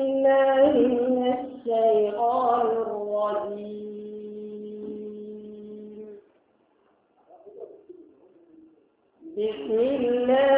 الله من الشيطان الرجيم بسم الله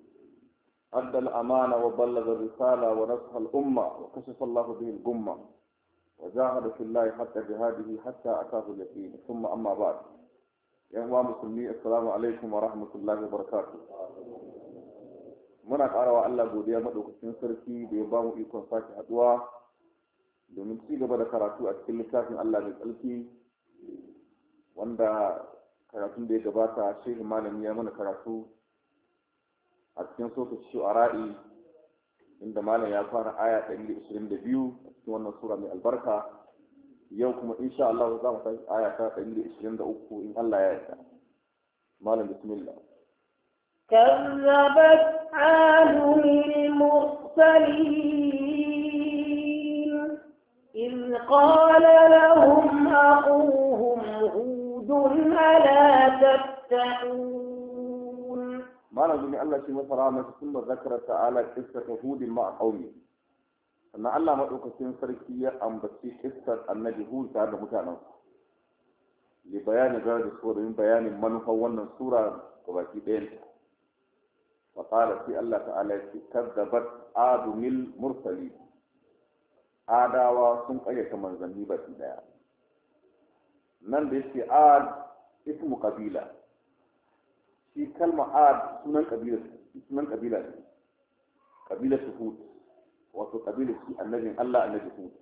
أدى الأمانة وبلغ الرسالة ونصح الأمة وكشف الله به الأمة وجاهد في الله حتى جهاده حتى أتاه اليقين ثم أما بعد يا أخوان المسلمين السلام عليكم ورحمة الله وبركاته muna ƙarawa Allah godiya maɗaukacin sarki da ya bamu ikon sake haɗuwa domin ci gaba da karatu a cikin littafin Allah mai tsarki wanda karatun da ya gabata shehu malami ya mana karatu cikin sokacin shu'ara'i inda malam ya fara aya 122 a cikin wannan sura mai albarka yau kuma insha Allah za mu tafi aya ta 123 in Allah ya yarda malam bismillah كذبت عاد المرسلين إذ قال لهم أخوهم هود ألا تتقون malam zumi Allah shi masa rahama sun ba ala ta'ala kissar hudin ma qaumi sannan Allah maɗaukacin sarki ya ambaci kissar annabi hud da mutanen li bayani ga da surin bayanin manufar wannan sura baki ɗayan fa qala fi Allah ta'ala ki kadzabat adumil mursali adawa sun kayyata manzanni baki ɗaya. nan da yake ad ismu qabila shi kalma ad sunan kabila sunan kabila ne kabila hud wato kabila shi annabin Allah annabi hud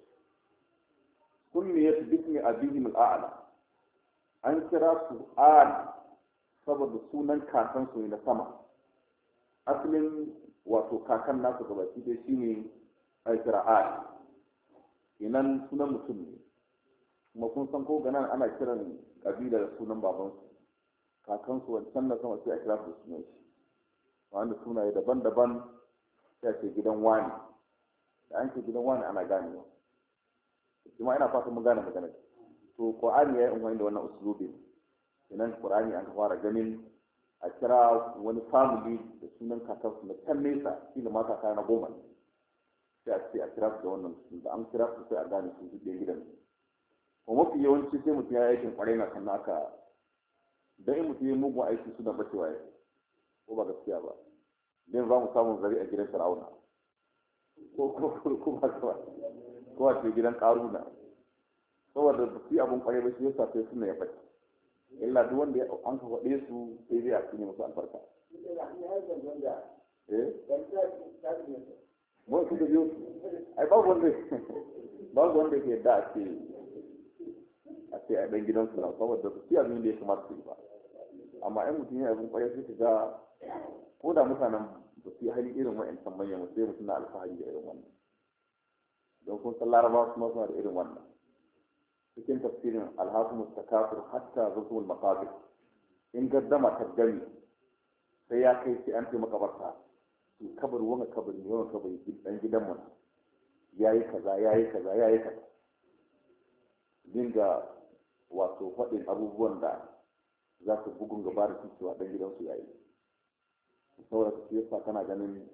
sunniyat bismi abihim al-a'la an kira su ad saboda sunan kakan su ne na sama asalin wato kakan nasu gabaki dai shine ai kira ad inan sunan mutum ne kuma kun san ko ganan ana kiran kabila da sunan babansu kakansu wani sannan sama sai a kira su sunan shi wanda sunaye daban-daban sai a ce gidan wani da an ce gidan wani ana ganewa kuma ina fatan mun gane magana to qur'ani yayi amfani da wannan usulubi nan qur'ani an fara ganin a kira wani family da sunan kakansu na can nesa shi ne mata kaya na goma sai a ce a kira su da wannan da an kira su sai a gane su duk gidan kuma mafi yawanci sai mutum ya yi aikin kwarai na kan aka da dan mutu yi mugun aiki suna bacewa ya ko ba gaskiya ba dan za mu samun zari a gidan sarauna ko kuma kuma kuma ce gidan karuna saboda ba su yi abin kwaye ba shi yasa sai suna ya bace illa duk wanda an ka faɗe su sai zai a cinye musu albarka eh su da biyu ai babu wanda babu wanda ke da a ce a ce a ɗan gidansu na saboda su yi abin da ya kamata su yi ba amma in mutum yana abin kwarai sai ka ga ko da mutanen ba su yi hali irin tambaya manyan sai mutum na alfahari da irin wannan don kun san laraba kuma suna da irin wannan cikin tafsirin alhakumus takasur hatta zuhul makabir in gaddama ta gani sai ya kai sai an fi makabarta to kabar wani kabar ne wani kabar dan gidan mu ya yi kaza ya yi kaza ya yi kaza dinga wato faɗin abubuwan da za ka bugun gaba da cewa dan gidansu ya saboda su yasa kana ganin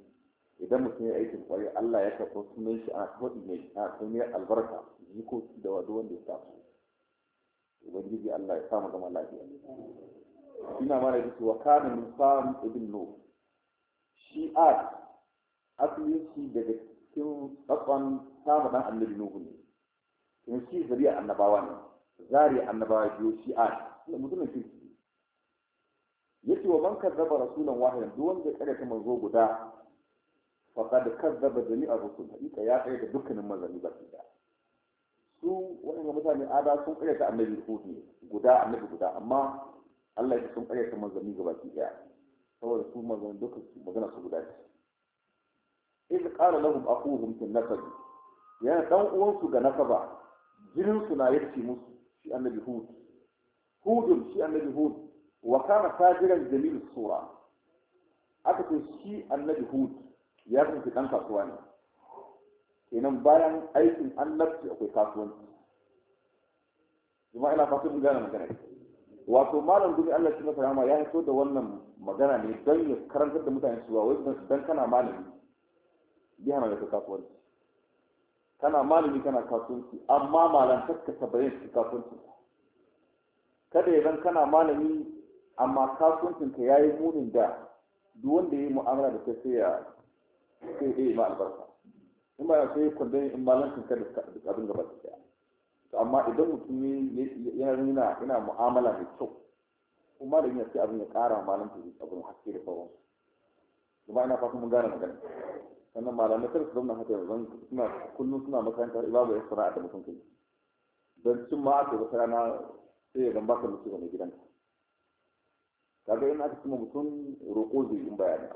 idan mutum ya aikin kwarai Allah ya karɓo sunan shi ana kawai ne ana sunan albarka jikoki da wado wanda ya taso ubangiji Allah ya samu zama lafiya ina mana yake wa kana min sam ibn nu shi a asalin shi daga cikin tsakon samu dan annabi nuhu ne kuma shi zariya annabawa ne zariya annabawa biyu shi a mutumin shi yace wa man kadzaba rasulan wahidan duk wanda ya karyata manzo guda faqad kadzaba jami'a rusul hakika ya da dukkanin manzanni ba da su wannan mutane ada sun karyata annabi hudu guda annabi guda amma Allah ya sun karyata manzanni gaba ki daya saboda su manzanni dukkan su magana su guda ce in qala lahum aquhum fi nasab ya dan uwansu ga nasaba jinin su na yace musu shi annabi hudu hudun shi annabi hudu wa kana fajiran jamil sura aka ce shi annabi hud ya kasance dan kasuwa ne kenan bayan aikin annabci akwai kasuwanci kuma ina fatan mun gane magana wato malam gumi Allah shi masa rama ya fito da wannan magana ne don ya karantar da mutane cewa wai dan kana malami bi hana da kasuwanci kana malami kana kasuwanci amma Malam takka ta bayyana cikin kasuwanci kada ya zan kana malami amma kasuwancinka ya yi munin da duk wanda ya yi mu'amala da kai sai ya sai ya ma albarka in ba sai kwandon in balancin ka da abin gaba da to amma idan mutum yana nuna yana mu'amala mai kyau kuma da yin sai abin ya ƙara malamin abin haske da sauran kuma ina fatan mun gane magana sannan malamai kar su zauna haka yanzu suna kullum suna makarantar babu ya sana'a da mutum kai don cin ma aka wata rana sai ya gamba ka mutu ga mai gidanka kaga in aka kuma mutum roƙo zai in bayani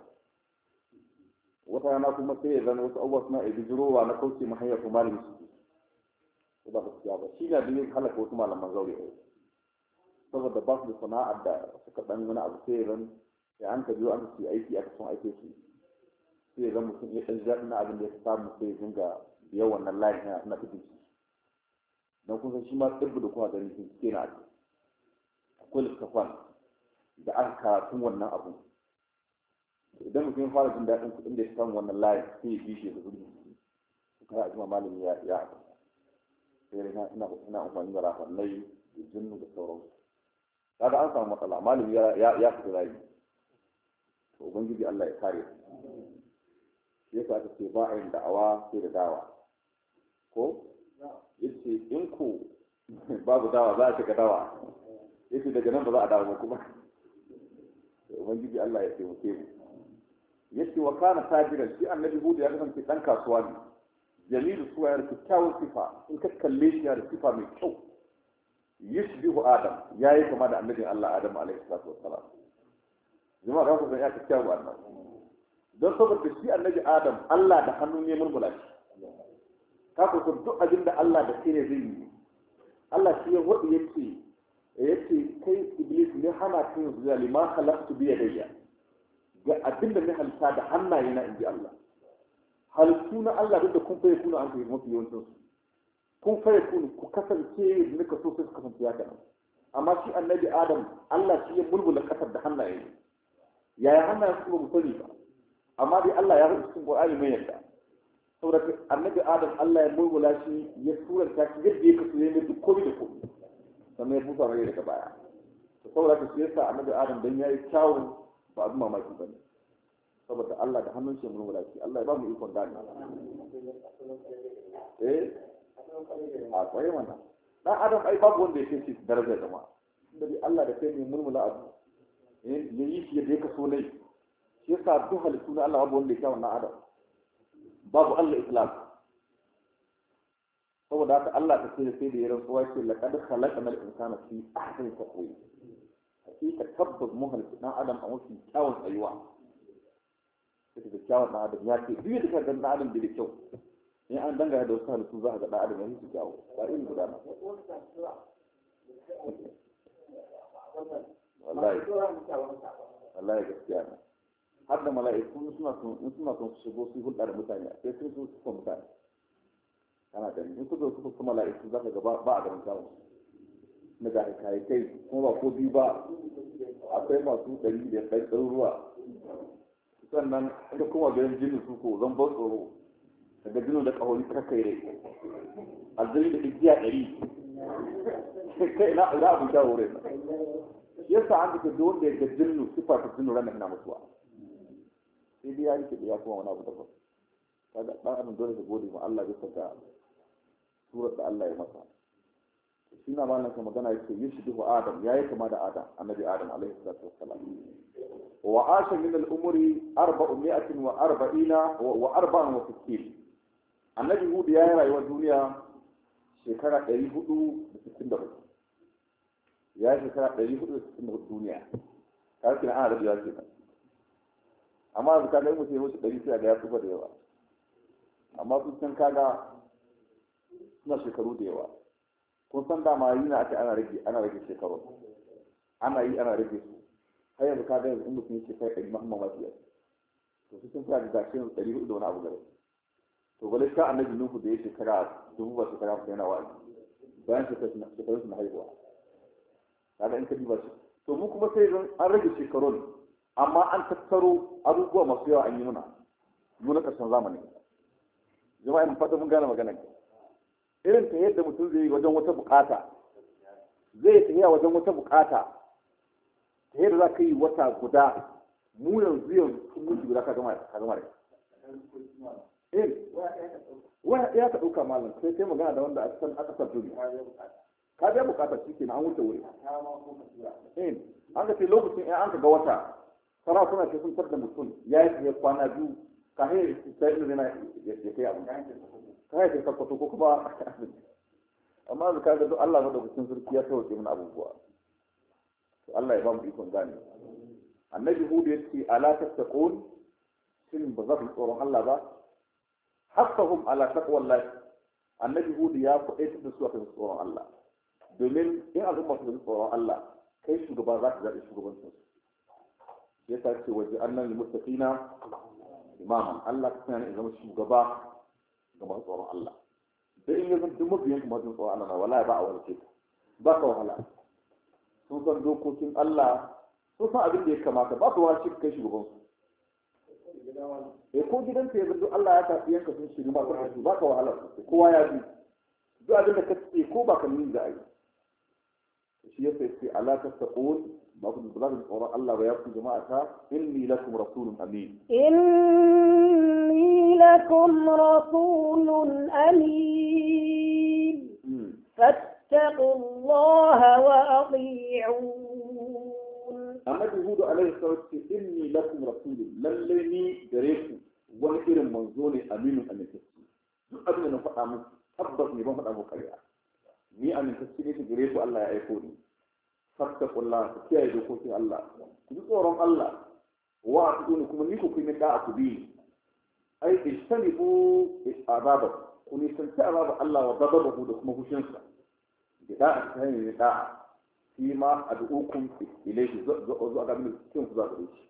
wata yana kuma sai ya zama wasu abubuwa suna ibi jirowa na kauce ma hanyar kuma malami su ba gaskiya ba shi na biyu halaka wasu malaman zaure a saboda ba su da sana'a da suka ɗan wani abu sai ya zama sai an ka biyo an ka aiki aka son aike shi sai ya zama mutum ya ɗan jaɗi na abin da ya samu sai ya dinga biyan wannan layin na tudun shi don kun san shi ma tsibbi da kuma ganin shi ke na akwai littafan da aka karatu wannan abu idan mutum ya fara jin daɗin kuɗin da ya samu wannan layin sai ya bi shi ya zubi kuma a jima malami ya ya haka sai ina ina ina amfani da rafannai da jinnu da sauransu kaga an samu matsala malami ya ya fita rayu to ubangiji Allah ya kare shi yasa aka ce ba a yin da'awa sai da dawa ko yace in ku babu dawa za a shiga dawa yace daga nan ba za a dawo kuma ubangiji Allah ya taimake mu yace wa kana tajiran shi annabi hudu ya kasance dan kasuwa ne jamilu suwa da kyakkyawar sifa in ka kalle shi da sifa mai kyau yusbihu adam yayi kama da annabin Allah adam alaihi salatu wassalam jama'a ka ku san ya kyakkyawa wannan don saboda shi annabi adam Allah da hannu ne mulmula shi ka ku duk abin da Allah da kai ne zai yi Allah shi ya wadi yake yace kai iblis ne hana ka zuwa sujada lima khalaqtu bi yadayya ga abinda ne na halitta da hannaye na inji Allah halittu na Allah duk da kun fayyar kuna an kai mafi yawancin su kun fayyar kuna ku kasance da ka so sai su kasance ya kana amma shi annabi adam Allah shi ya bulbula kasar da hannaye yaya hannaye su ba sani ba amma dai Allah ya rubuta cikin Qur'ani mai yadda saboda annabi adam Allah ya bulbula shi ya suranta shi yadda ya kasu ne duk komai da komai sannan ya busa mai daga baya to saboda ka shi yasa annabi adam dan yayi kyawun ba abin mamaki bane saboda Allah da hannun shi mun wadaci Allah ya ba mu ikon gani eh a kwaye mana dan adam ai babu wanda yake shi daraja jama'a inda bi Allah da kai ne mulmula abu eh yi shi da yake so ne shi yasa duk halittu na Allah babu wanda yake wannan adam babu Allah islam saboda haka Allah ta ce sai da ya rantsuwa ce laqad khalaqnal insana fi ahsani taqwim hakika tabbas mu halitta dan adam a mafi kyawun tsayuwa sai da kyawun dan adam ya ce duk da kaga dan adam da kyau in an danga da wasu halittu za a ga dan adam ya fi kyawu ba irin guda na wallahi wallahi gaskiya ne har da mala'iku suna son in suna son su shigo su hulɗa da mutane sai sun su mutane kana da in kuka kuka kuma la'iku za ka gaba ba a ganin samun na ga kai kai kuma ba ko biyu ba akwai masu ɗari da ɗan ɗaruruwa sannan inda kuma ganin jini su ko zan ban tsoro daga jini da ƙahoni ka kai rai aljani da igiya ɗari kai ina ina abin shawo rai yasa an da duk wanda ya jini su sifa ta jinin ranar na mutuwa sai dai ya yi da ya kuma wani abu daban kaga ɗan abin dole ka gode ma Allah bisa ta surar da Allah ya masa shi na bana ka magana yake yushbihu adam yi kama da adam annabi adam alaihi salatu wassalam wa asha min al-umri 440 wa 64 annabi hudu yi rayuwar duniya shekara ɗari da da sittin 464 ya yi shekara ɗari da da sittin 464 duniya kar kina ana rabiya ke nan amma yanzu kaga mutum ya mutu ɗari sai ga ya tuba da yawa amma sun san kaga suna shekaru da yawa kun san dama yi na ake ana rage ana rage shekaru ana yi ana rage su har yanzu ka ga yanzu mutum yake kai ɗari mahimman wasu to su sun fara da zafi ɗari hudu da wani abu gare to bale ka annabi nuhu da ya shekara dubu ba shekara ku yana wa'azi bayan shekaru na haihuwa ga in ka diba shi to mu kuma sai zan an rage shekarun amma an tattaro abubuwa masu yawa an yi muna muna na ƙarshen zamani jama'a in fata mun gane maganar irin ta yadda mutum zai yi wajen wata bukata zai yi tafiya wajen wata bukata ta yadda za ka yi wata guda mu yanzu yanzu sun mutu guda ka gama da gama eh waya ya ka ɗauka malam sai sai magana da wanda a san aka san duniya ka biya bukata shi na an wuce wuri eh, an ka ce lokacin ya an ka ga wata sara suna ce sun tar da mutum ya yi kwana biyu ka ya sai ya kai abu kayakin sakwato ko kuma amma da kaga duk Allah madaukakin sarki ya sauke mana abubuwa to Allah ya ba mu ikon gane annabi hudu yace ala tattaqun shin ba za ku tsoron Allah ba haqqahum ala taqwallah annabi hudu ya kuɗe da su akan tsoron Allah domin in al'umma su tsoron Allah kai shugaba za ka zaɓi shugabancin su ya ta ce waje annan muttaqina imaman Allah ka sanya ni zama shugaba ga tsoron Allah da in yanzu duk tsoron Allah ba a warke ka ba ka wahala sun san dokokin Allah sun san abin da ya kamata ba su wani kai shugaban su eh, duk Allah ya tafi yanka sun ba ba ka wahala kowa ya bi duk abin da ka ce ko ba ka nuni ba ku da tsoron Allah ba ya ku jama'a ta inni lakum rasulun amin لكم رسول أمين فاتقوا الله وأطيعون أما هود عليه الصلاة والسلام إني لكم رسول للني دريكم wani irin manzo ne aminu amintacci duk abin da na faɗa muku tabbas ne ban faɗa muku ni gare ku Allah ya aiko ni fattakullah ku kiyaye dokokin Allah ku tsoron Allah wa a kuma ni ku kun da ku bi ai ijtanibu azaba ku nisanci azaba Allah wa hu da kuma hushinsa da a ta hanyar da'a fi ma ad'ukum ilayhi zuwa ga min cikin ku zuwa gare shi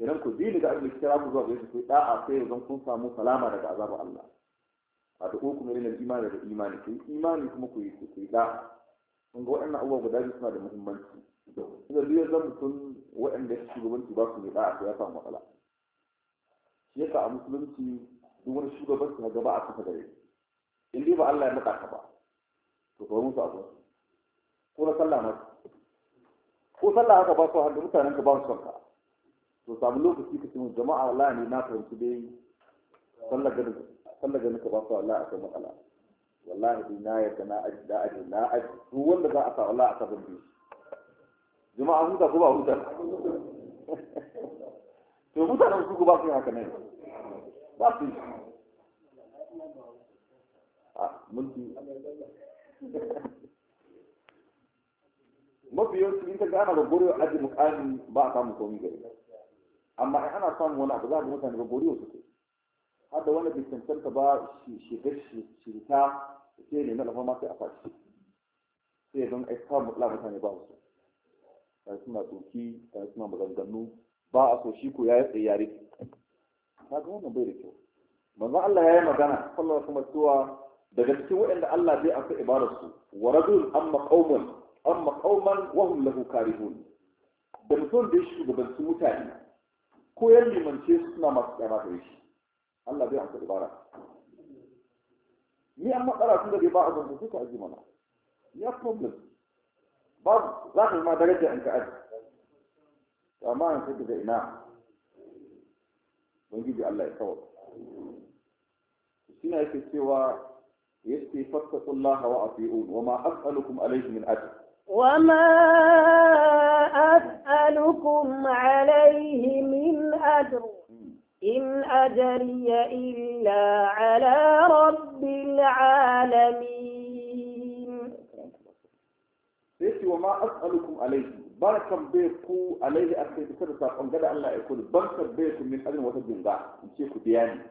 idan ku bi daga abin kira ku zuwa gare shi ku da'a sai yanzu kun samu salama daga azaba Allah ad'ukum ilayhi al-iman da imani ku imani kuma ku yi ku yi da'a kun ga waɗannan abubuwa guda biyu suna da muhimmanci idan duk yanzu mutum waɗanda shugabanci ba su yi a ya samu matsala shi yasa a musulunci duk wani shugabanci na gaba a kafa gare in dai ba Allah ya naɗa ka ba to kawai musu abu ko na sallah ma ko sallah haka ba su hannu mutanen ka ba su son to samu lokaci ka cikin jama'a Allah ne na fahimci dai sallah gani sallah gani ka ba su Allah a kan matsala wallahi dai na yarda na aji na aji na aji duk wanda za a sa Allah a kan biyu jama'a huta ko ba huta to mutanen su ba su haka ne ba su a ah, mulki mafi yawanci in ta gana da gori aji mukami ba a samu komi gari amma in ana samun wani abu za ga mutane ba gori wasu ke har da wanda bai cancanta ba shiga shirita sai ne na lafa sai a fashi sai don aika mutane ba su kai suna tsoki kai suna maganganu ba a so shi ko ya yi tsayyari Ta ga wannan bai da kyau manzon Allah ya yi magana sallallahu alaihi wasallam cewa daga cikin waɗanda Allah zai amsa ibarar su wa rajul amma qauman amma qauman wa hum lahu karihun da mutum da ya shugabanci mutane ko ya limance su suna masu kyama da shi Allah zai amsa ibara ni an matsala tun da bai ba a zanzu suka aji mana ya problem babu za ka ma daraja in ka aji amma an sai daga ina ubangiji Allah ya kawo shine yake cewa yake fattaqu Allah wa ati'un wa ma as'alukum alayhi min ajr wa ma as'alukum alayhi min ajr إن أجري إلا على رب العالمين. ليش وما أسألكم عليه ba bai ku alaihi a kai bisa da saƙon gada Allah ya kuli ban bai ku min ajin wata jinga in ce ku biya ni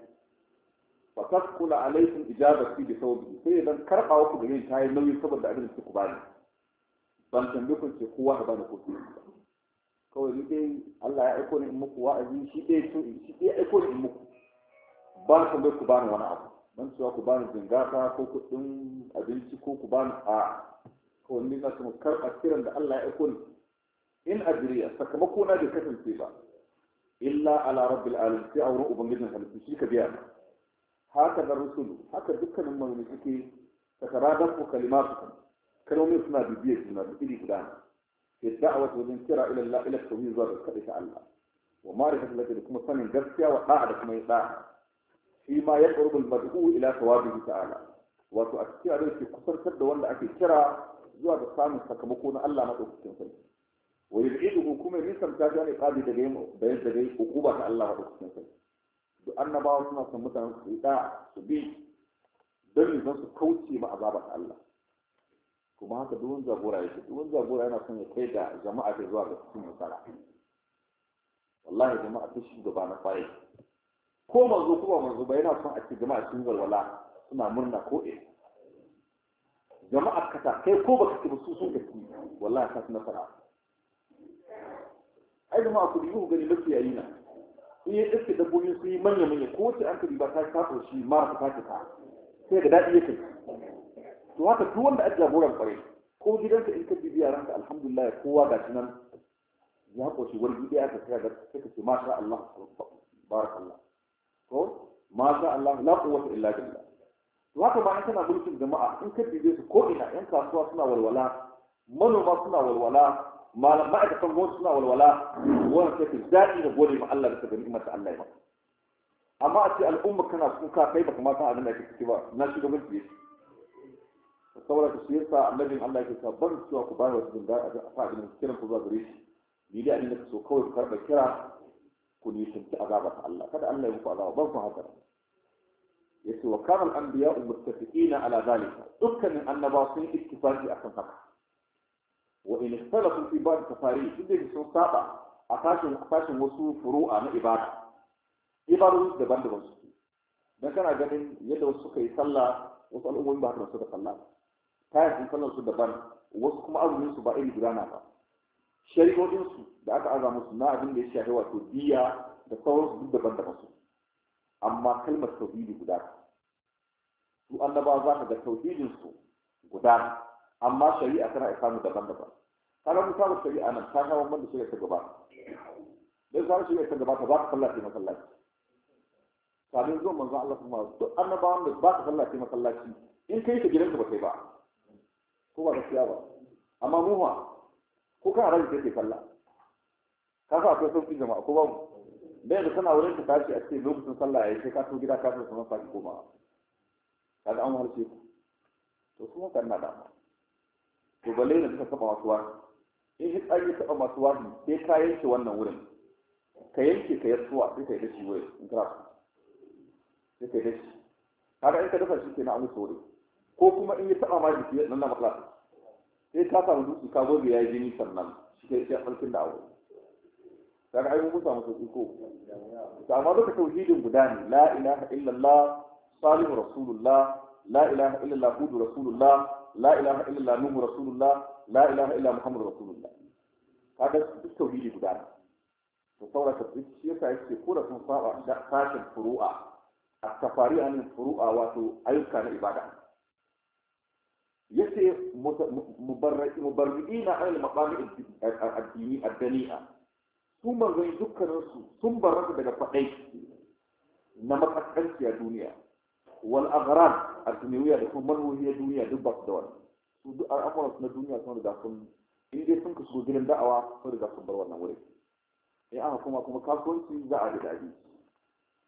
fa tasqula alaikum ijabati bi sawbi sai dan karba wa ku da ta yi nauyi saboda abin da ku bani ban tambaye ku ce kowa ka bani kuɗi kawai ni dai Allah ya aiko ni in muku wa'azi shi dai shi dai aiko ni in muku ba ku tambaye ku bani wani abu ban cewa ku bani ta ko kuɗin abinci ko ku bani a kawai ni na kuma karɓa kiran da Allah ya aiko ni in ajriya sakamako na bai kasance ba illa ala rabbil alamin sai a wurin ubangijin halittu shi ka biya haka da rusulu haka dukkanin manzanni suke takarada ko kalimatu kalmomin suna bibiyar juna da iri guda ke da'awa wajen kira ila Allah ila tauhid zuwa ga kadai Allah wa ma'rifatu lati da kuma sanin gaskiya wa da'a da kuma da'a shi ma ya qurbul mad'u ila thawabihi ta'ala wato a cikin abin ke kusantar da wanda ake kira zuwa ga samun sakamako na Allah madaukakin sarki wa yuqiduhu kuma nisan ta ga ne kabi daga yin bayan daga hukuma ta Allah wa dukkan sai duk annabawa suna son mutanen su da su bi don ne su kauce ma azabar Allah kuma haka duk wani jagora yake duk yana son ya kai da jama'a ta zuwa ga cikin nasara wallahi jama'a ta shi gaba na kwaye ko manzo ko ba manzo ba yana son a ce jama'a sun walwala suna murna ko eh jama'a kasa kai ko baka ci ba su sun kaci wallahi ka ci nasara ai jama'a ku dubi ku gani yayi na in ya iske dabbobin su yi manya manya ko wacce an kadi ba ta kafa shi mara ta kafa ta sai ga daɗi yake to haka duk wanda aka jagoran kwarai ko gidanka in ka bibiya ranka alhamdulillah kowa ga shi nan ya koshi wani gidi aka sai da sai ka ce masha Allah barakallah ko masha Allah la quwwata illa billah to haka ba kana mulkin jama'a in ka bibiya su ko ina yan kasuwa suna walwala manoma suna walwala malam ma'aikatan gwamnati suna walwala wannan sai ka daɗi da gode ma Allah da ka gani mata Allah ya maka amma a ce al'umma kana kuka kai baka ma san abin da ake ciki ba na shi gaban ciye saboda ka shi yasa annabin Allah ke sa ban cewa ku bayar wasu dinga a sa abin kiran ku zuwa gare shi ni dai abin da ka so kawai ku karɓa kira ku nisanci azaba ta Allah kada Allah ya muku azaba ban ku haka yace wa kana al-anbiya'u muttafiqina ala dhalika dukkanin annabawa sun ittifaqi akan haka wa in ikhtalafu fi ba'd tafari duk da sun saba a tashin tashin wasu furu'a na ibada ibadu daban-daban suke dan kana ganin yadda wasu suka yi sallah wasu al'ummomi ba su da sallah kayan sun sallar su daban wasu kuma azumin su ba iri gudana ba shari'o'in su da aka aza musu na abin da ya shafi wato biya da sauransu duk daban-daban su amma kalmar tauhidi guda su annaba za ka ga tauhidin su guda amma shari'a tana mu daban-daban kaga misalin shari'a nan ta kawo wanda shirya ta gabata dan sai shari'a ta ta ba ka sallaci masallaci sabin zuwan manzon Allah kuma duk annabawan da ba ka sallaci masallaci in kai ka gidanka ba kai ba ko ba gaskiya ba amma mu ma ko kan rage ke sallah ka sa akwai sauƙin jama'a ko ba mu da da kana wurin ka tashi a ce lokacin sallah ya sai ka so gida ka so sanan saki koma kaga an warce ku to kuma kan na dama to balle ne suka saba masu wani in shi tsari saba masu wani sai ka yanke wannan wurin ka yanke ka yasuwa sai ka yi dashi wurin in kana sai ka yi dashi kaga in ka dafa shi kenan an wuce wuri ko kuma in ya saba ma jiki nan na matsala sai ka samu dutse ka gobe ya yi jini sannan shi ke shi a da abu kaga ai mun samu sauki ko to amma lokacin tauhidin guda ne la ilaha illallah salihu rasulullah la ilaha illallah hudu rasulullah la ilaha illallah nuhu rasulullah la ilaha illa muhammadu rasulullah kaga duk tauhidi guda ne to sauraka duk shi yasa yake ko da sun saba sashen furu'a a tafari an furu'a wato ayyuka na ibada yace mubarri'ina an al-maqami ad-dini ad-dani'a su manzon dukkanin su sun barasu daga fadai na matsakanciya duniya والأغراض الدنيوية تكون من هي دنيا دبق دول أمر أسنا دنيا سنة داخل إن دي سنك سنة دين دعوة سنة داخل بروانا ولي يا أنا كما كما كاسون في زعاد العدي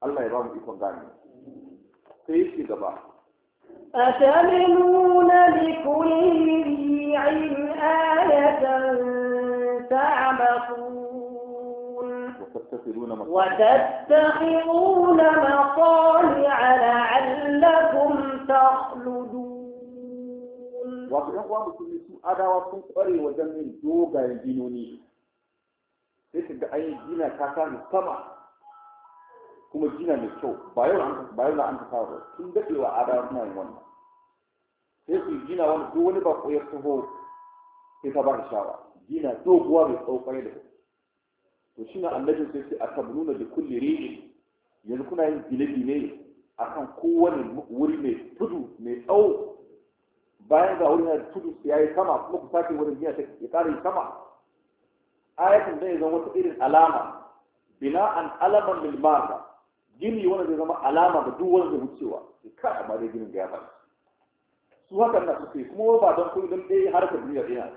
الله يبارك فيكم دعني سيشي دبا أتمنون لكل ريع آية تعبقون وتتخذون مصانع لعلكم تخلدون wato ɗan uwa musulmi su adawa sun ƙware wajen yin dogayen ginoni sai ka ga an gina kasa mai sama kuma gina mai kyau ba yau na an ta ba sun daɗewa adawa yin wannan sai su wani ta doguwa mai da to shi na annabin sai sai aka nuna da kulle ri'in yanzu kuna yin gine-gine a kan kowane wuri mai tudu mai tsawo bayan ga wurin da tudu ya yi sama kuma ku sake wurin gina ya ƙara yi sama ayatun zai zama wata irin alama bina an alaman milmara gini wanda zai zama alama ga duk wanda zai wucewa ya ka amma zai ginin da ya bari su haka na suke kuma ba don kuɗi don ɗaya harkar duniya ɗaya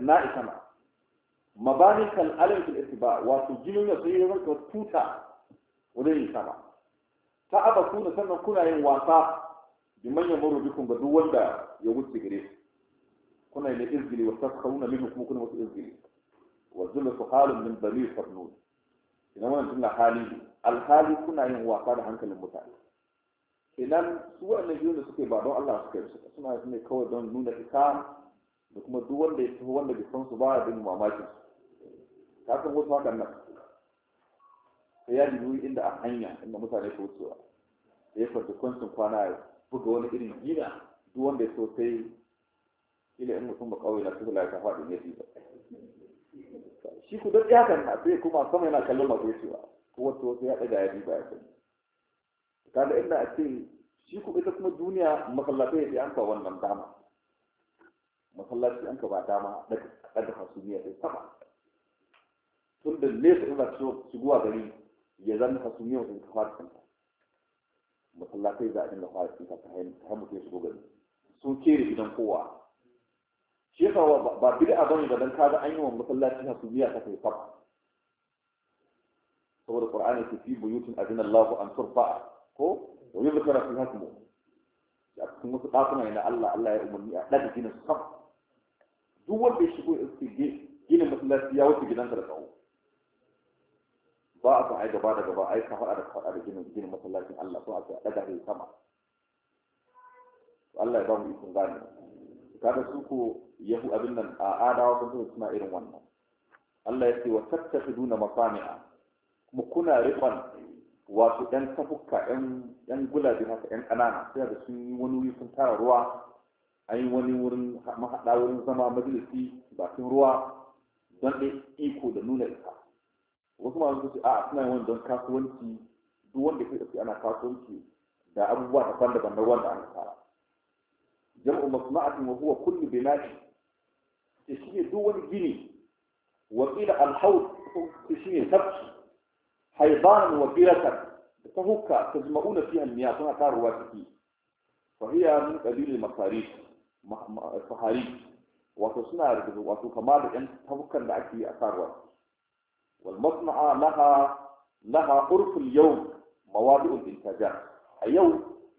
na isa na mabani kan alam fil ittiba wato jinin da sai yaran ka tuta wajen isa ba ta aba kuna sannan kuna yin wasa bi manyan marubikun ga duk wanda ya wuce gare ku kuna yin izgili wa tasakhuna min kuma kuna wasu izgili wa su halun min bali farnun idan wannan tunda hali alhali kuna yin wasa da hankalin mutane idan su waɗannan biyun da suke ba don Allah suka yi suka suna ne kawai don nuna isa da kuma duk wanda ya tafi wanda bai su ba a bin mamakin su ka san wasu hakan nan sai ya dubi inda a hanya inda mutane ke wucewa sai ya farta kwancin kwana ya buga wani irin gina duk wanda ya sosai ila in mutum ba kawai na tuhu lafiya faɗi ne fi ba shi ku duk hakan na sai kuma sama yana kallon masu wucewa ko wasu wasu ya ɗaga ya ba ya sani kaga inda a ce shi ku ita kuma duniya masallatai ya ce an wannan dama masallaci an ka ba dama da daga hasumiya sai sama tun da nesa ina shigowa gari ya zan hasumiya in ka fara kanta masallatai za a dinga fara kanta ta hanyar mutum ya shigo gari sun kere gidan kowa shi yasa ba bid'a bane ba dan kaga an yi wa masallaci hasumiya ta kai sama saboda qur'ani ke fi buyutun azina Allahu an turfa ko wa yuzkara fi hasmu a cikin wasu ɗakuna ne Allah Allah ya umarni a ɗaga ginin sama duk wanda ya shigo iske ginin masallaci ya wuce gidansa da tsawo ba a san ai gaba da gaba ai kafa da kafa da ginin ginin masallacin Allah ko a ce daga ne sama Allah ya ba mu ikon gane kaga su ko yahu abin nan a adawa sun suna irin wannan Allah ya ce wa tattakhiduna masami'a kuma kuna rikon wato ɗan tafukka ɗan gulabi haka ɗan ƙanana sai da sun yi wani wuyi sun tara ruwa an yi wani wurin mahaɗa wurin zama majalisi bakin ruwa don ɗaya iko da nuna ita wasu ma su ce a suna yawan don kasuwanci duk wanda ke tafi ana kasuwanci da abubuwa daban-daban na wanda an fara jam'u masna'atin wa huwa kullu bina'i ce shine duk wani gini wa ila al-hawd shi ne tabki haydan wa qilatan da ta hukka tajma'una fiha an-niyat suna karuwa ciki fa hiya min qabil al fahari wato suna da wato kama da yan tabukan da ake yi a sarwa wal masna'a laha laha urful yau mawadi'ul intaja a yau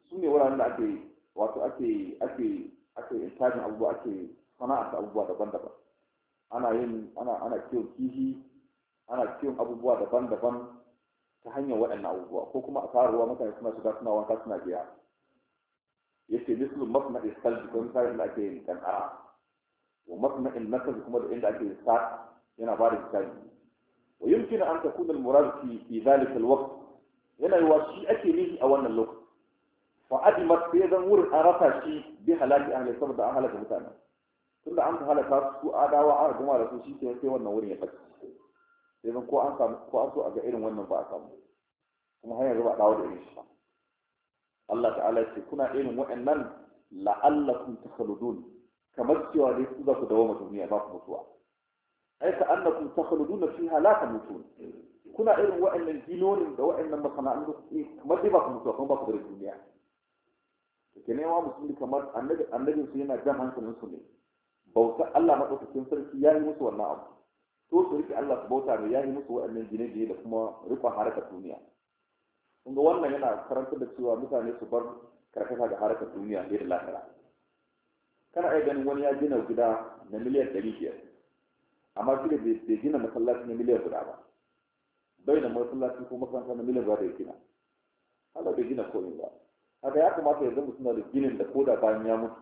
su ne wuraren da ake wato ake ake ake intajin abubuwa ake sana'a ta abubuwa daban-daban ana yin ana ana kiwon kihi ana kiwon abubuwa daban-daban ta hanyar waɗannan abubuwa ko kuma a karuwa mutane suna shiga suna wanka suna biya yace mislu masma'i salbi ko misali da ake yin kan'a wa masma'il masal kuma da inda ake yin sa yana ba da misali wa yumkinu an takuna al-murad fi fi dhalika al-waqt yana yi shi ake nihi a wannan lokaci fa adimat sai zan wurin an rasa shi bi halaki ahli saboda an halaka mutane Tun da an halaka su adawa an gama da su shi ke sai wannan wurin ya faci sai zan ko an samu ko an so a ga irin wannan ba a samu kuma hanyar yanzu a dawo da irin shi ba Allah ta'ala ce kuna irin waɗannan la'allakum takhaludun kamar cewa dai ku za ku dawo ma duniya ba ku mutuwa ai ka annakum takhaluduna fiha la tamutun kuna irin waɗannan ginonin da waɗannan masana'antu kamar dai ba ku mutuwa kuma ba ku da duniya ke nema musulmi kamar annabin su yana jan hankalin su ne bauta Allah madaukakin sarki ya yi musu wannan abu to su rike Allah su bauta ne ya yi musu waɗannan gine-gine da kuma riƙon harkar duniya kuma wannan yana karanta da cewa mutane su bar karkata ga harkar duniya fiye da lahira kana iya ganin wani ya gina gida na miliyan ɗari biyar amma shi da bai gina masallaci na miliyan guda ba bai da masallaci ko makaranta na miliyan guda da ya gina hala bai gina komai ba haka ya kamata ya zama suna da ginin da koda bayan ya mutu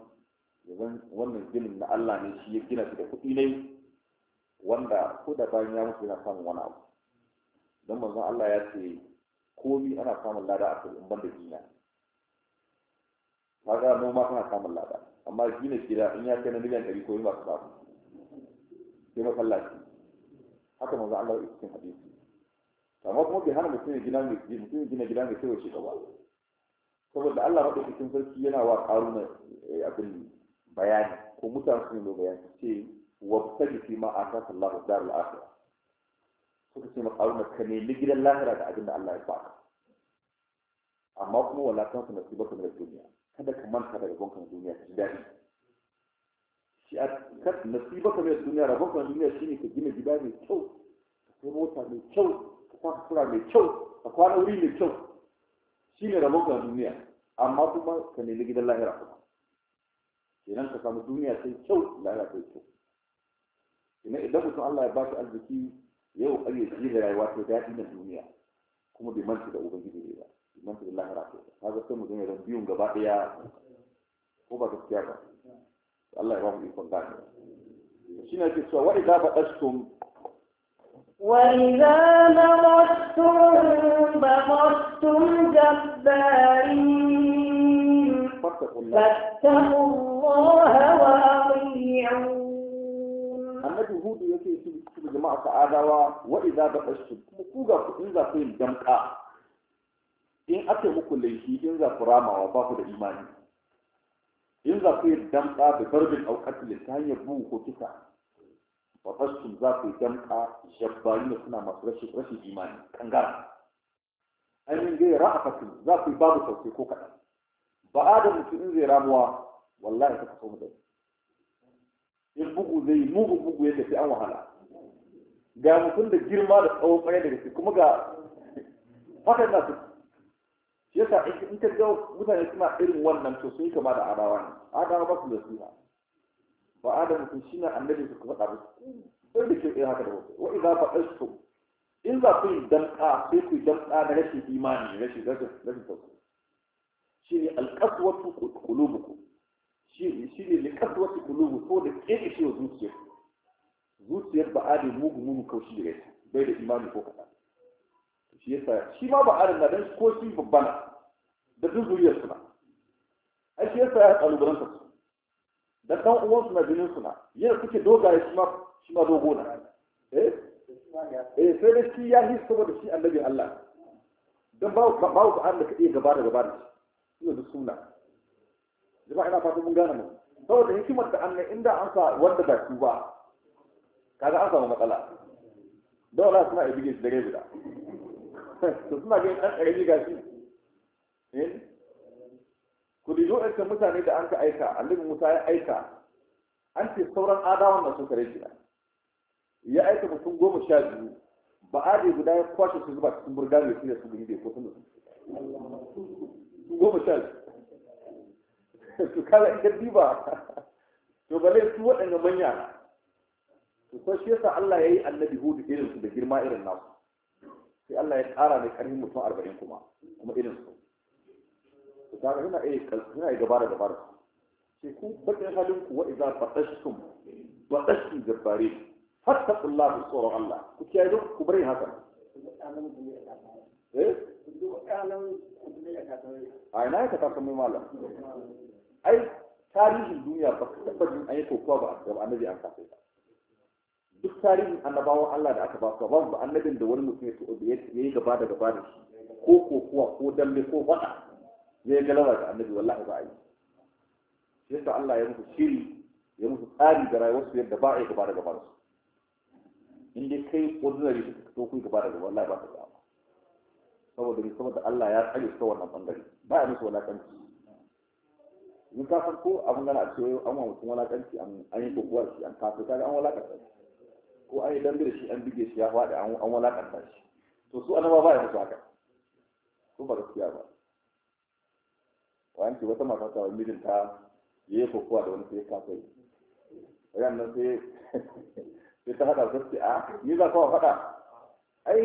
wannan ginin na Allah ne shi ya gina shi da kuɗi ne wanda koda bayan ya mutu yana samun wani abu don manzon Allah ya ce komi ana samun lada a kai ban da gina ga noma kana samun lada amma gina da in ya kai na miliyan ɗari komi ba ka samu sai masallaci haka manzo Allah ya cikin hadisi amma kuma bai hana mutum gina mai mutum gina gida mai sai wace gaba saboda Allah madaukakin sarki yana wa karuna eh, abin bayani ko mutane su ne bayani ce wabtaji fi ma ataka Allah dar al-akhirah suka ce maka auna ka nemi gidan lahira da abin da Allah ya baka amma kuma wala kan su nasiba ka daga duniya kada ka manta da rabon kan duniya ka ji daɗi shi a kan nasiba ka daga duniya rabon kan duniya shine ka gina gida mai kyau ka sai mota mai kyau ka sa kura mai kyau ka kwana wuri mai kyau shine rabon kan duniya amma kuma ka nemi gidan lahira kuma kenan ka samu duniya sai kyau lahira sai kyau idan mutum Allah ya ba shi arziki yau ƙarya shi da rayuwa ta daɗi na duniya kuma bai manta da ubangiji ne ba bai manta da lahara ko ba kaga sai mu dinga biyun gaba ɗaya ko ba gaskiya ba Allah ya ba mu ikon gane shi ne ke cewa wa'iza faɗastum وإذا مرضتم بمرضتم جبارين فاتقوا الله وأطيعون النبي هود ku jama'a ta adawa wa idza baqashtu kuma ku ga ku in za ku yin damka in aka muku laifi in za ku ramawa ba ku da imani in za ku yin damka da barbin auqatil ta hanyar buhu ko kisa ba baqashtu za ku yi damka jabbari ne suna masu rashin rashin imani kangara ainihin zai ra'afatin za ku yi babu sauke ko kaɗan ba adam mutum in zai ramuwa wallahi ta kaso mu in bugu zai yi mugu bugu ya tafi an wahala ga mutum da girma da tsawon kwarai da gaske kuma ga fatan nasu shi yasa in ka ga mutane suna irin wannan to sun yi kama da adawa ne adawa ba su da suna ba adamu sun shi na annabi su kuma faɗa sun da ke tsaye haka da wasu wa idza fa'altum in za ku yi damƙa sai ku yi damƙa na rashin imani na rashin rashin sauƙi shi ne alƙasuwar ku kulubu ku shi ne ku kulubu ko da kike shi zuciyarku zuciyar ba'adin mugu mugu kaushi da yake bai da imani ko kaɗan shi yasa shi ma ba'adin na dan ko shi babbana da duk zuriyar suna ai shi yasa ya kalubalanta su da ɗan uwan suna jinin suna yadda suke dogaye shi ma shi ma dogo na eh eh sai da shi ya hisa saboda shi annabi Allah dan ba ba ba'adin da kaɗai gaba da gaba da shi ne duk suna jama'a ina fata mun gane mu saboda hikimar da Allah inda an sa wanda ba su ba kaga an samu matsala dole suna iya bige da dare guda to suna gani ɗan ƙarfi ga shi eh? ku dijo ɗansa mutane da an ka aika annabi musa ya aika an ce sauran adawan da sun kare shi ya aika mutum goma sha biyu ba ade guda ya kwashe su zuba cikin burga mai shirya su gani da ko sun goma sha biyu su kala in ka diba to ba su waɗanda manya na to ko shi yasa Allah ya yi annabi hudu irin su da girma irin nasu sai Allah ya ƙara mai ƙarfin mutum arba'in kuma kuma irin su to kaga yana iya yana iya gaba da gaba da sai ku bakin halin ku wa idza fatashtum wa tashki jabbari fattaqullaha tsoron Allah ku kiyaye ku bari haka eh a ina ka tafi mai malam ai tarihin duniya ba ka taɓa an yi kokowa ba ga annabi an kafe ta duk tarihin annabawan Allah da aka ba su babu annabin da wani mutum ya yi gaba da gaba da shi ko kuwa ko dambe ko faɗa ya yi galaba da annabi wallahi ba a yi shi yasa Allah ya musu shiri ya musu tsari da rayuwarsu yadda ba a yi gaba da gaba da su in dai kai ordinary suka fito kun gaba da gaba wallahi ba ka ga saboda ni saboda Allah ya tsare su wannan bangare ba a musu wulakanci in ka san ko abin gana a cewa an wa mutum wulakanci an yi kokuwa shi an kafin kaga an wulakanta ko an yi dambe da shi an bige shi ya faɗi an walakanta shi to su annaba ba ya musu haka su ba gaskiya ba wani ke wata mata ta mijin ta yi kokowa da wani sai ka sai wayan nan sai sai ta hada sai a ah, ni za ka faɗa ai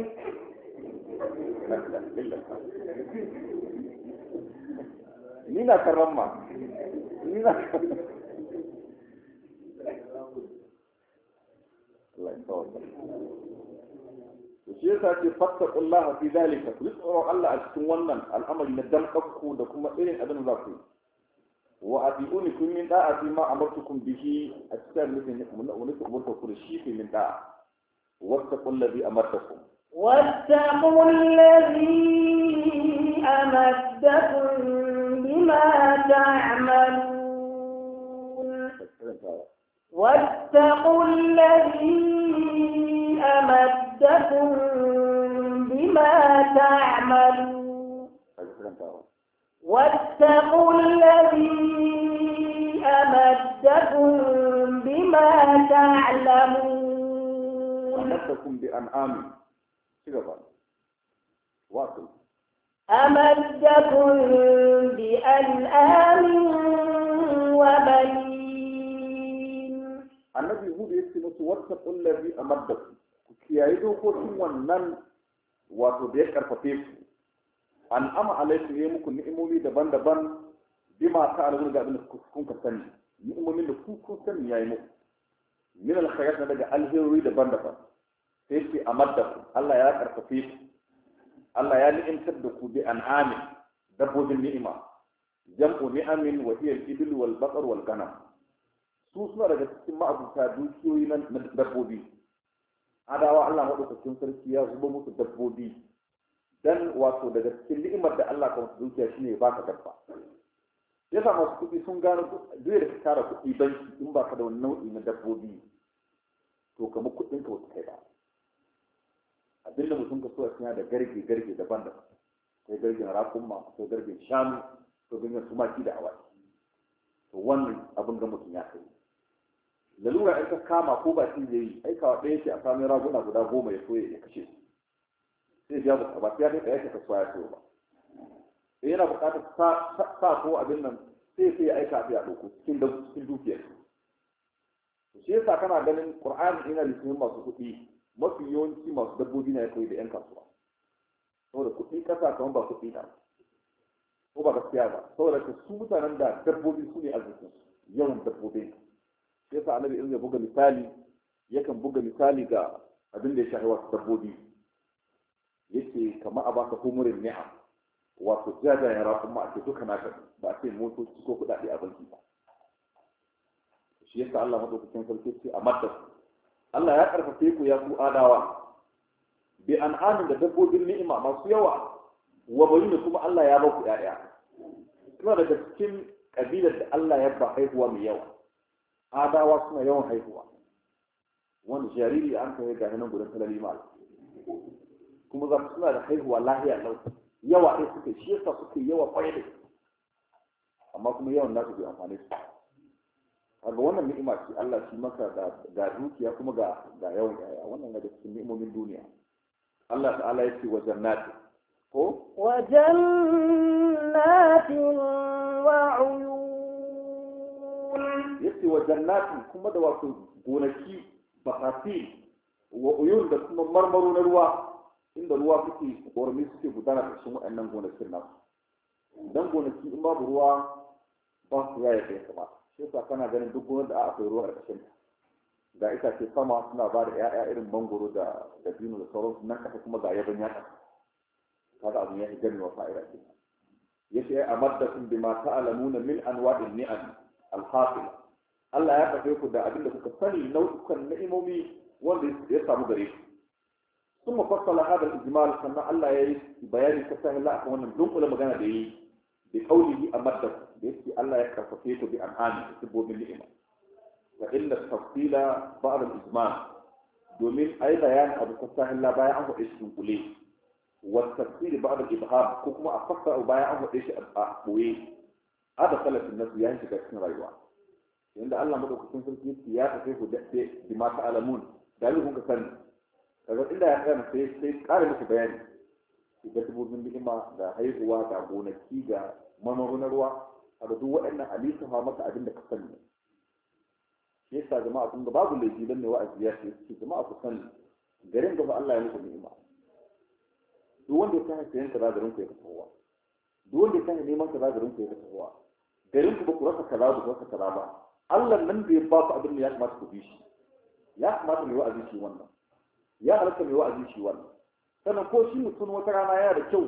ni na karamma ni na shi yasa ce fattaqullaha fi zalika ku tsoro Allah a cikin wannan al'amari na damkakku da kuma irin abin za ku yi wa atiuni kun min da'a fi ma amartukum bihi a cikin nufin wani umurta ku da shi min da'a wattaqul ladhi amartakum واتقوا الذي أمدكم بما تعملون واتقوا الذي أمدكم أنبتكم بما تعملون واتقوا الذي أمدكم بما تعلمون أمدكم بأنعام واصل أمدكم بأنعام وبنين النبي هو يسمى واتقوا الذي أمدكم kiyaye dokokin wannan wato da ya karfafe su an ama alaihi ya muku ni'imomi daban-daban ma ta alwur da abin da kun ka sani ni'imomin da ku kun sani yi muku min alkhairat na daga alheri daban-daban sai ce ku Allah ya karfafe ku Allah ya ni'imtar da ku bi an'amin dabbobin ni'ima jam'u ni'amin wa hiya al-ibil wal baqar wal ghanam su suna daga cikin ma'abuta dukiyoyi na dabbobi adawa Allah madaukakin sarki ya zuba musu dabbobi dan wato daga cikin ni'imar da Allah ka musu dukiya shine ba baka dabba yasa masu kuɗi sun gano duk da ka tara kuɗi banki in ba ka da wani nau'i na dabbobi to kamar kuɗin ka wata kai ba abin da mutum ka so suna da garge garge daban daban sai gargen rakunma sai gargen shanu sai gargen tumaki da awaki to wannan abin ga mutum ya kai lalura in ka kama ko ba shi zai yi aikawa ɗaya ce a samun raguna guda goma ya soya ya kashe su sai biya ba ba sai ya kai yake kasuwa ya soya ba sai eh, yana buƙatar sa ko abin nan sai sai ya aika a ɗauko cikin cikin dukiyar su shi yasa kana ganin qur'ani ina littafin masu kuɗi mafi yawanci masu dabbobi na ya koyi da 'yan kasuwa saboda kuɗi ƙasa kamar ba kuɗi na ko ba gaskiya ba saboda su mutanen da dabbobi su ne arzikin yawan dabbobin yasa annabi in zai buga misali yakan buga misali ga abin da ya shafi wasu dabbobi yake kama a baka humurin ni'a wato jajayen rakun ma ake duka naka ba a ce motoci ko kuɗaɗe a banki ba shi yasa Allah madaukakin sarki ce a madda Allah ya karfafe ku ya ku adawa bi an'amin da dabbobin ni'ima masu yawa wa bayyana kuma Allah ya ba ku ƴaƴa kuma daga cikin kabilar da Allah ya ba haihuwa mai yawa adawa suna yawan haihuwa wanda jariri an kai ga nan gudan salari mal kuma za suna da haihuwa lahiya lau yawa ɗaya suke shi yasa suke yawa kwarai da amma kuma yawan nasu bai amfani su kaga wannan ni'ima ce Allah shi maka ga dukiya kuma ga ga yawan yaya wannan ga cikin ni'imomin duniya Allah ta'ala ya ce wa jannati ko wa jannatin wa'uyu yace wa jannatin kuma da wato gonaki bakafi wa uyun da kuma marmaro na ruwa inda ruwa suke gormi suke gudana da su waɗannan gonakin nasu dan gonaki in babu ruwa ba su ya kamata. shi yasa kana ganin duk gonar da akwai ruwa a ƙarshen ta ga ce sama suna ba da ƴaƴa irin mangoro da dabino da sauransu nan kasa kuma ga yaban yaka kaga abun ya ganin wa fa'ira ce yace amaddakum bima ta'lamuna min anwa'in ni'am alhafila Allah ya faɗe ku da abin da kuka sani nau'ukan na'imomi wanda ya samu gare shi sun mafassala hadal ijmal sannan Allah ya yi bayani ta sahi la akan wannan dunkula magana da yi bi qawlihi amadda da yake Allah ya karfafe ku bi an'ami sabbobin ni'ima wa illa tafsila ba'd al-ijmal domin ai bayan abu ta sahi la bayan an hudu shi dunkule wa tafsir ba'd al-ibham ko kuma a fassara bayan an hudu shi a boye hada salafin nasu ya shiga cikin rayuwa yanda Allah madaukakin sarki yake ya tafi ku daɗe bi ma ta'alamun da yi kun ka sani kaga inda ya tsaya sai sai ƙara miki bayani da dabbobin ni'ima da haihuwa da gonaki da mamarunar ruwa a duk waɗannan alisa fa maka abin da ka sani shi yasa jama'a kun ga babu laifi dan ne wa'azi ya ce shi jama'a ku sani garin gaba Allah ya muku ni'ima duk wanda ya tashi sayan ka za garin ku ya tafi duk wanda ya tashi neman ka garin ku ya tafi garin ku ba ku rasa kaza ba ku rasa kaza ba Allah nan da ya ba ku abin da ya kamata ku bi shi ya kamata mai wa'azi shi wannan ya halatta mai wa'azi shi wannan sannan ko shi mutum wata rana yana da kyau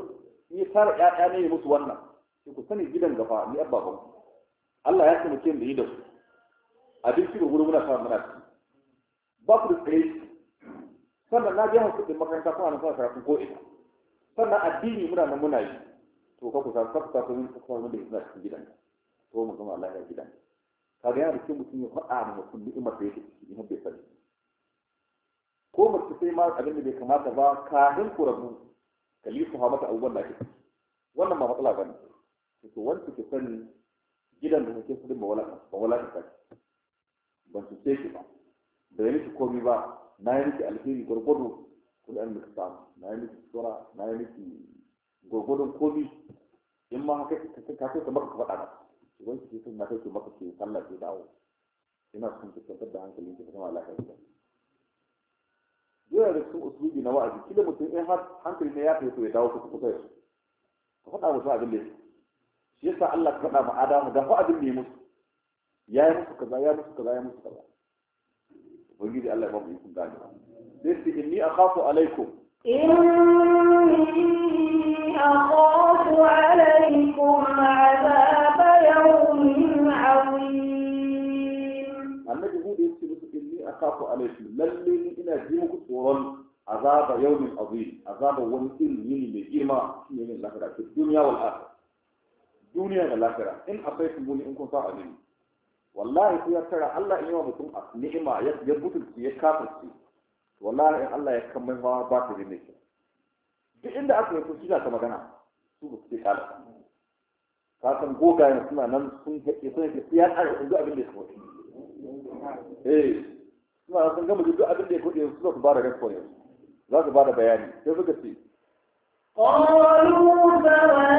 ya tara ƴaƴa ne ya musu wannan sai ku sani gidan gafa ni abba ba Allah ya taimake mu da yi da su abinci da gurin muna sa muna ci ba ku da tsare sannan na je hankali makaranta kuma na fara karatu ko ina sannan addini muna nan muna yi to ka ku sa tsafta ku yi tsafta mun da ina cikin gidan ko mu gama Allah ya gidan kaga yana da kyau mutum ya faɗa ma mutum ni'imar da yake ciki in bai sani ko mace sai ma abin da bai kamata ba kafin ku rabu ka lisu ha mata abubuwan da ake ciki wannan ba matsala bane to wanda ke sani gidan da kake kudin ba wala ba wala ka ban su ce ki ba da ya miki komi ba na yi miki alheri gwargwado kun an miki samu na yi miki tsora na yi miki gwargwadon komi in ma haka ka kai ka maka ka faɗa ba. wanki ke sun mata ke maka ke sallah ke dawo ina son ki kwantar da hankalin ki kuma lafiya ki yana da cikin usulubi na wa'azi kila mutum in har hankali ne ya fi so ya dawo kusa kusa ya ka faɗa musu abin da shi yasa Allah ka faɗa ma Adamu da abin da ya musu ya yi musu kaza ya musu kaza ya musu kaza ubangiji Allah ya ba mu yi kun gane sai su inni akhafu alaikum inni akhafu alaikum alaikum lalle ina ji muku tsoron azaba yawmin azim azaba wani irin ne mai girma shine yin lahira ta duniya wal akhirah duniya da lahira in akwai tumuni in kun sa a nemi wallahi ku ya tara Allah in yi mutum a ni'ima ya butulci ya kafirci wallahi in Allah ya kammai ma ba ta rime shi duk inda aka yi kuci ta magana su ba su ce kala ka san gogayen suna nan sun haƙe sun haƙe su ya tsara su abin da ya kawo eh suna sun gama duk abin da ya kuɗe su su ba da gaskiya yau, za su ba da bayani sai suka ce قالوا سواء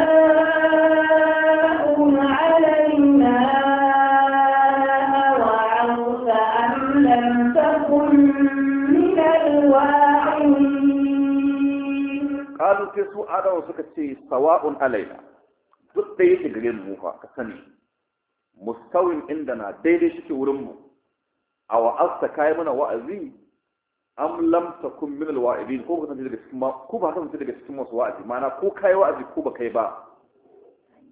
علينا أوعظت أم لم تكن من الواعظين قالوا كسوء هذا وسكتي سواء علينا duk da yake gare mu fa ka sani mustawin inda na daidai shi wurin mu a wa'azta kai mana wa'azi am lam takun min alwa'idin ko kasance daga cikin ma ko ba kasance daga cikin masu wa'azi mana ko kai wa'azi ko ba kai ba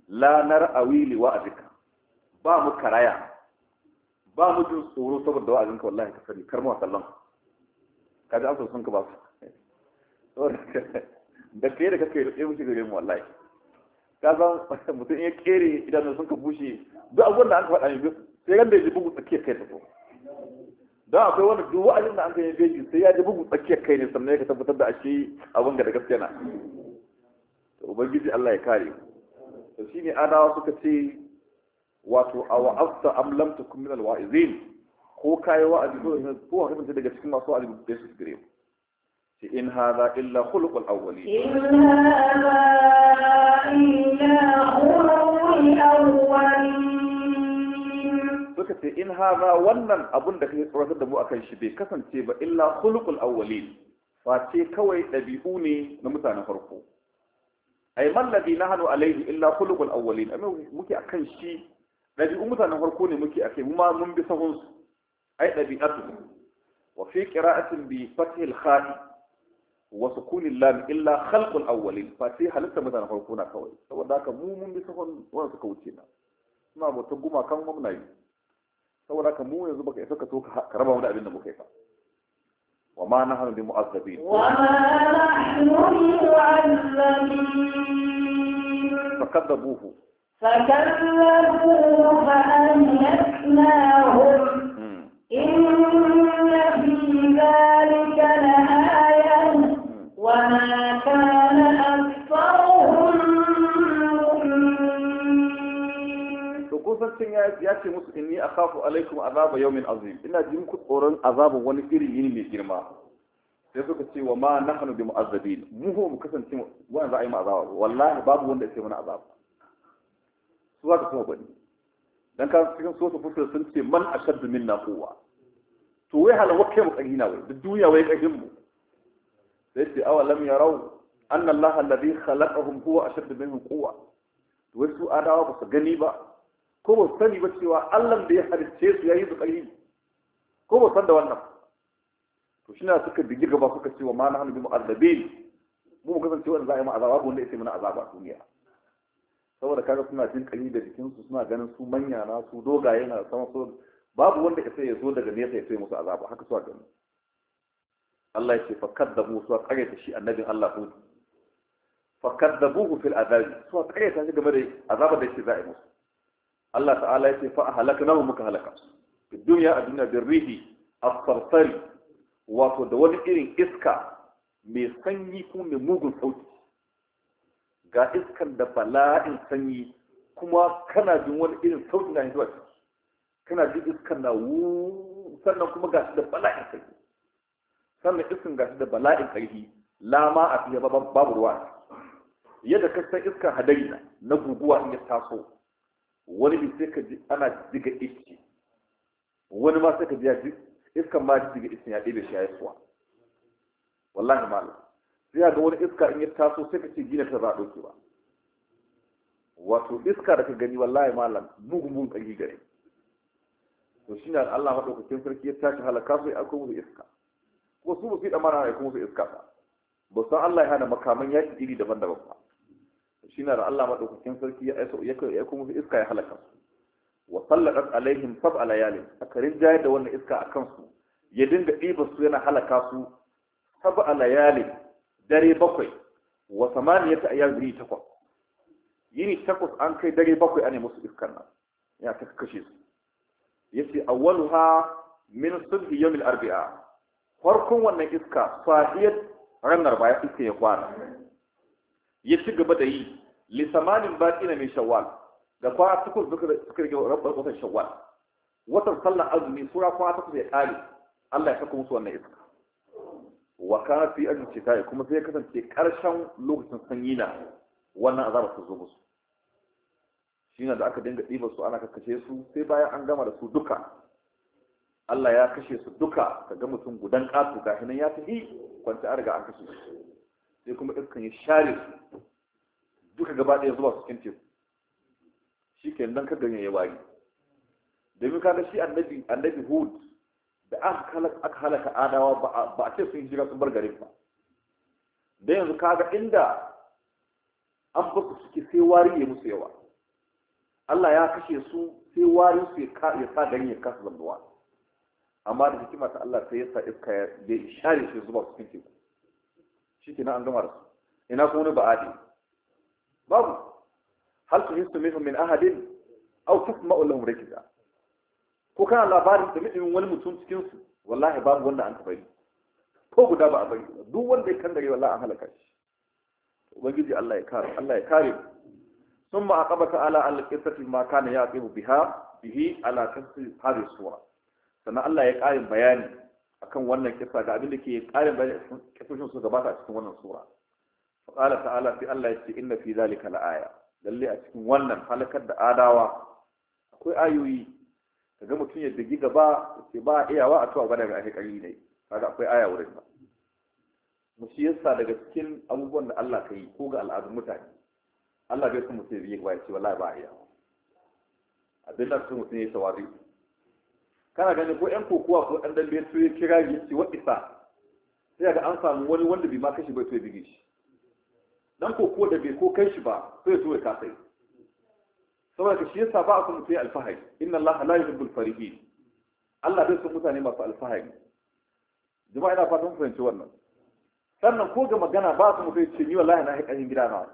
la nar awili wa'azika ba mu karaya ba mu jin tsoro saboda ka wallahi ka sani kar mu sallan ka ji asusun ka ba su da kai da kake da mutum gare mu wallahi ka san mutum ya kere idan sun ka bushe duk abubuwan da an faɗa ne sai ran da ya ji bugu tsakiyar kai ta so don akwai wani duk wa'azin da an kai beji sai ya ji bugu tsakiyar kai ne sannan ya tabbatar da ashe abin ga da gaske na to ubangiji Allah ya kare to shine adawa suka ce wato a wa'azta am lam takum min alwa'izin ko kai wa'azi ko ne ko ka daga cikin masu wa'azi da su gare mu in hadha illa khuluqul awwalin in hadha suka ce in haza wannan abun da kake tsoratar da mu akan shi bai kasance ba illa khuluqul awwalin face kawai dabi'u ne na mutanen farko ai man ladhi nahnu alayhi illa khuluqul awwalin amma muke akan shi dabi'u mutanen farko ne muke akai mu ma mun bi sahun ai ay dabi'atu wa fi qira'atin bi fathil kha'i wa sukunil lam illa khalqul awwalin face halitta mutanen farko na kawai saboda haka mu mun bi sahun wannan suka wuce na suna bautar gumakan gwamnati saboda ka mu yanzu baka isa ka so ka raba mu da abin da muka yi fa wa ma nahnu bi mu'azzabin wa ma nahnu mu'azzabin fakadabuhu fakadabuhu fa an yasnahum hmm. inna fi dhalika wancan ya ce musu inni kafu alaikum azaba min azim ina jin ku tsoron azaban wani irin yini mai girma sai suka ce wa ma na nahnu bi mu'azzabin mu ho mu kasance wannan za a yi mu azaba wallahi babu wanda ya ce mana azaba su za ka kuma bani dan ka cikin sosa fuskar sun ce man a min na kowa to wai halan wakai mu kari na wai duk duniya wai kajin mu sai ce awalam yarau anna allaha alladhi khalaqahum huwa ashaddu minhum quwwa wai su adawa ba su gani ba ko ba su sani ba cewa Allah da ya halicce su yayi su kai ko ba san da wannan to shi na suka bigi gaba suka cewa ma na hannu bi mu'azzabin mu ba kasance wanda za a yi mu azaba wanda ya ce mana azaba a duniya saboda kaga suna jin kai da su suna ganin su manya na su dogaye na sama so babu wanda ya sai ya zo daga nesa ya sai musu azaba haka suka gani Allah ya ce fa kaddabu kare ta shi annabin Allah su fa kaddabuhu fil su suka karyata shi game da azaba da yake za a yi musu Allah ta'ala ya ce fa halaknahu muka halaka su duniya a duniya da rihi a sarsari wato da wani irin iska mai sanyi ko mai mugun sauti ga iskan da bala'in sanyi kuma kana jin wani irin sauti na hituwa kana jin iskan na wu sannan kuma ga shi da bala'in sanyi sannan iskan ga shi da bala'in ƙarfi lama a fiye babu ruwa yadda ka san iskan hadari na guguwa in ya taso wani bi sai ka ji ana diga iski wani ma sai ka ji ya ji iskan ma ji diga iskin ya ɗebe shi ya yi suwa wallahi malam sai ga wani iska in ya taso sai ka ce gina ta za a ɗauke ba wato iska da ka gani wallahi malam mugun mugun ƙarfi gare to shi ne Allah maɗaukakin sarki ya tashi halaka su ya aiko musu iska kuma su ba su yi ɗamara ya kuma su iska ba ba san Allah ya hana makaman yaƙi iri daban-daban ba shi na da Allah maɗaukakin sarki ya kai aiko musu iska ya halaka su wa sallaqat alaihim sab'a layalin aka rinjayar da wannan iska a kansu ya dinga ɗiba su yana halaka su sab'a layalin dare bakwai wa samaniyata ayyam yini takwas yini takwas an kai dare bakwai ane musu iskan nan ya ta kashe su yace awwaluha min subhi yawmil arba'a farkon wannan iska sahiyat ranar baya iska ya kwana ya ci gaba da yi lisamanin baƙi na mai shawwal da kwa tukur suka rage rabbar watan shawwal watan sallar azumi sura kwa tukur ya kare Allah ya saka musu wannan iska wa kana fi ajin cita kuma sai kasance karshen lokacin sanyi na wannan azabar ta zo musu shine da aka dinga ɗiba su ana kakkace su sai bayan an gama da su duka Allah ya kashe su duka ka ga mutum gudan ƙato gashi nan ya tafi kwanta an riga an kashe su sai kuma iskan ya share su duka gaba ɗaya zuwa cikin teku shi ke nan ka ganyen ya wari domin ka shi annabi annabi hud da aka halaka adawa ba a ce sun jira sun bar garin ba da yanzu kaga inda an ba su suke sai wari ya musu yawa Allah ya kashe su sai wari su ya sa ganye ya kasa zambuwa amma da hikima ta Allah sai ya sa iska ya share shi zuba su cikin teku shi ke an gama da su ina kuma wani ba'adi babu hal su hisu minhum min ahadin aw tasma'u lahum rikza ko kana labarin da mutum wani mutum cikinsu, su wallahi babu wanda an taba ko guda ba a bari duk wanda ya kangare wallahi an halaka shi ubangiji Allah ya kare Allah ya kare ثم ta تعالى على قصة ما كان يعقب بها به على قصة هذه السورة sannan Allah ya ƙarin bayani akan wannan kisa ga abin da ke ƙarin bayani a cikin kisoshin su gabata a cikin wannan sura faƙala ta'ala fi Allah ya ce inna fi zalika la'aya lalle a cikin wannan halakar da adawa akwai ayoyi kaga mutum ya digi gaba ce ba iyawa a tuwa daga ake ƙari ne kaga akwai aya wurin ba mu yasa daga cikin abubuwan da Allah ka yi ko ga al'adun mutane Allah bai san mutum ya ya ce wallahi ba iyawa abin da sun mutum ya tawari kana gani ko ƴan kokowa ko ɗan dambe su ya kira ya ce wa isa sai ga an samu wani wanda bai ma kashi bai to ya bige shi dan koko da bai ko kai shi ba sai zo ya kasai saboda shi yasa ba a son sai alfahari inna allaha la yuhibbul farihin Allah bai son mutane masu alfahari jama'a ina fatan fahimci wannan sannan ko ga magana ba su mutai ce ni wallahi na yin gida na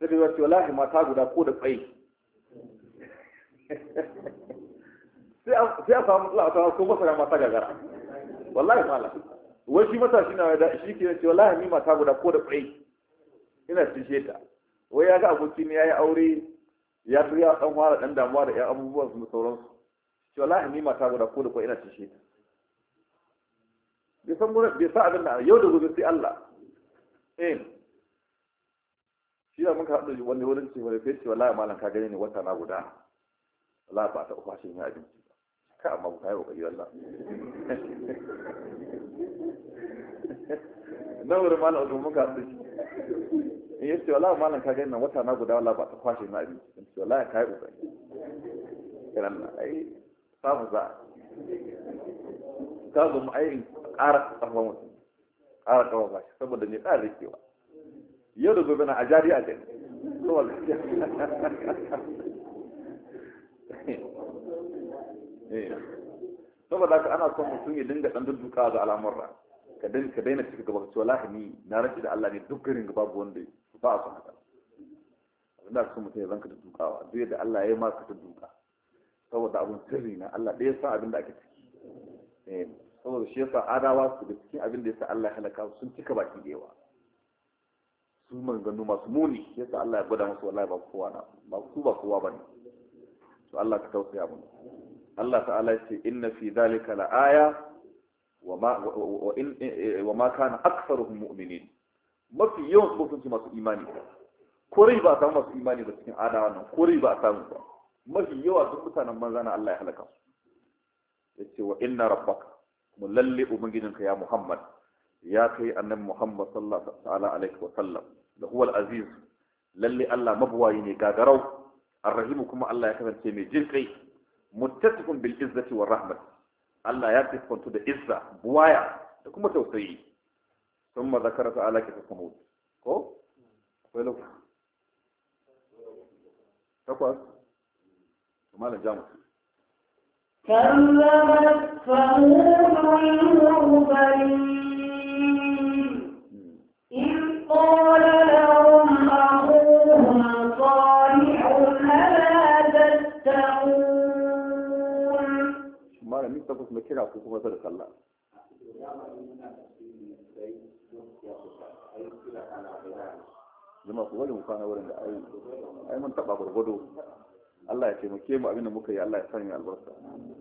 sai da wace wallahi mata guda ko da tsayi sai a samu matsala a ko masana mata gagara wallahi malam wai shi matashi na da shi ke cewa lahi ni mata guda ko da kwai ina cishe ta wai ya ga abokin ne yayi aure ya fi ya dan fara dan damuwa da ƴan abubuwan su sauransu cewa lahi ni mata guda ko da kwai ina cishe ta bai san bai sa abin da yau da gobe sai Allah eh shi da muka haɗu wani wurin ce wani fece wallahi malam ka gani ne wata na guda wallahi ba ta uku shi ne abinci ba ka amma ku kai kai wallahi na wurin malam udumu ga su in yace wallahi malam ka gani nan wata na guda wala ba ta kwashe na abinci in ce wallahi kai uban kiran na ai samu za a zo mu ai kara kafa mutum kara kawo ba shi saboda ne tsari kewa yau da gobe na a jari a jari gani eh. saboda ka ana son mutum ya dinga ɗan dudduka ga al'amurra ka dani ka daina cika gaba cewa lahani na rantsi da Allah ne dukkanin garin babu wanda ba a son haka abinda ka so mutum ya zanka da dukawa duk yadda Allah ya yi maka ta duka saboda abun sirri na Allah ɗaya sa abin da ake ciki eh, saboda shi yasa adawa su da cikin abin da yasa Allah ya halaka sun cika baki da yawa su maganganu masu muni yasa Allah ya gwada musu wallahi ba kowa na ba su ba kowa bane to Allah ta tausaya mu Allah ta'ala ya ce inna fi dhalika la aya wa ma kana aktsaruhum mu'minin mafi yawan su sun ce masu imani ko ba a samu masu imani ba cikin adawa nan ko ba a samu ba mafi yawa sun mutanen banza na Allah ya halaka su yace wa inna rabbaka kuma lalle ubangijinka ya Muhammad ya kai annabi Muhammad sallallahu alaihi wa sallam da huwa al-aziz lalle Allah mabwayi ne gagarau arrahimu kuma Allah ya kasance mai jinkai muttafiqun bil izzati war rahmati Allah ya siffantu da izza buwaya da kuma tausayi sun ma zakara ta ala kisa samu ko akwai lokaci takwas malam jamus كذبت ثمود المرسلين إذ قال su kuma su da sallah zama ku bari mu kwana wurin da ai ai mun taɓa gwargwado. Allah ya taimake mu abinda muka yi Allah ya sanya albarka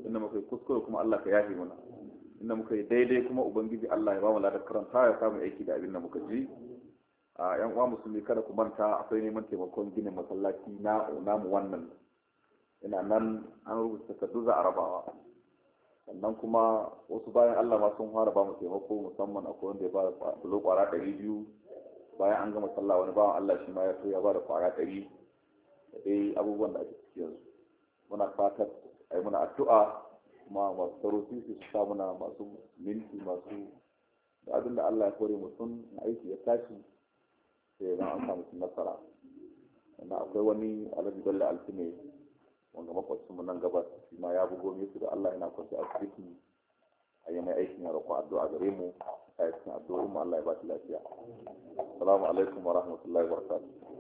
inda muka yi kuskure kuma Allah ka yafe mana inda muka yi daidai kuma ubangiji Allah ya ba mu ladar karanta ya samu aiki da abinda muka ji a yan uwa musulmi kada ku manta akwai neman taimakon ginin masallaci na namu wannan ina nan an rubuta takardu za a rabawa sannan kuma wasu bayan Allah ma sun fara ba mu taimako musamman akwai wanda ya ba bulo kwara ɗari biyu bayan an gama sallah wani bawan Allah shi ma ya so ya ba da kwara ɗari da dai abubuwan da ake ciki yanzu muna fatar ai muna addu'a kuma masu tsaro su su sa muna masu minti masu da abin da Allah ya kore mutum na aiki ya tashi sai ya an samu nasara sannan akwai wani alhaji bello alfine wanga makwacin mu nan gaba shi ma ya bugo mu da Allah yana kwanci a cikin a yi mai aikin ya roƙo addu'a gare mu a cikin addu'o'in mu Allah ya ba shi lafiya assalamu alaikum wa rahmatullahi wa barakatuh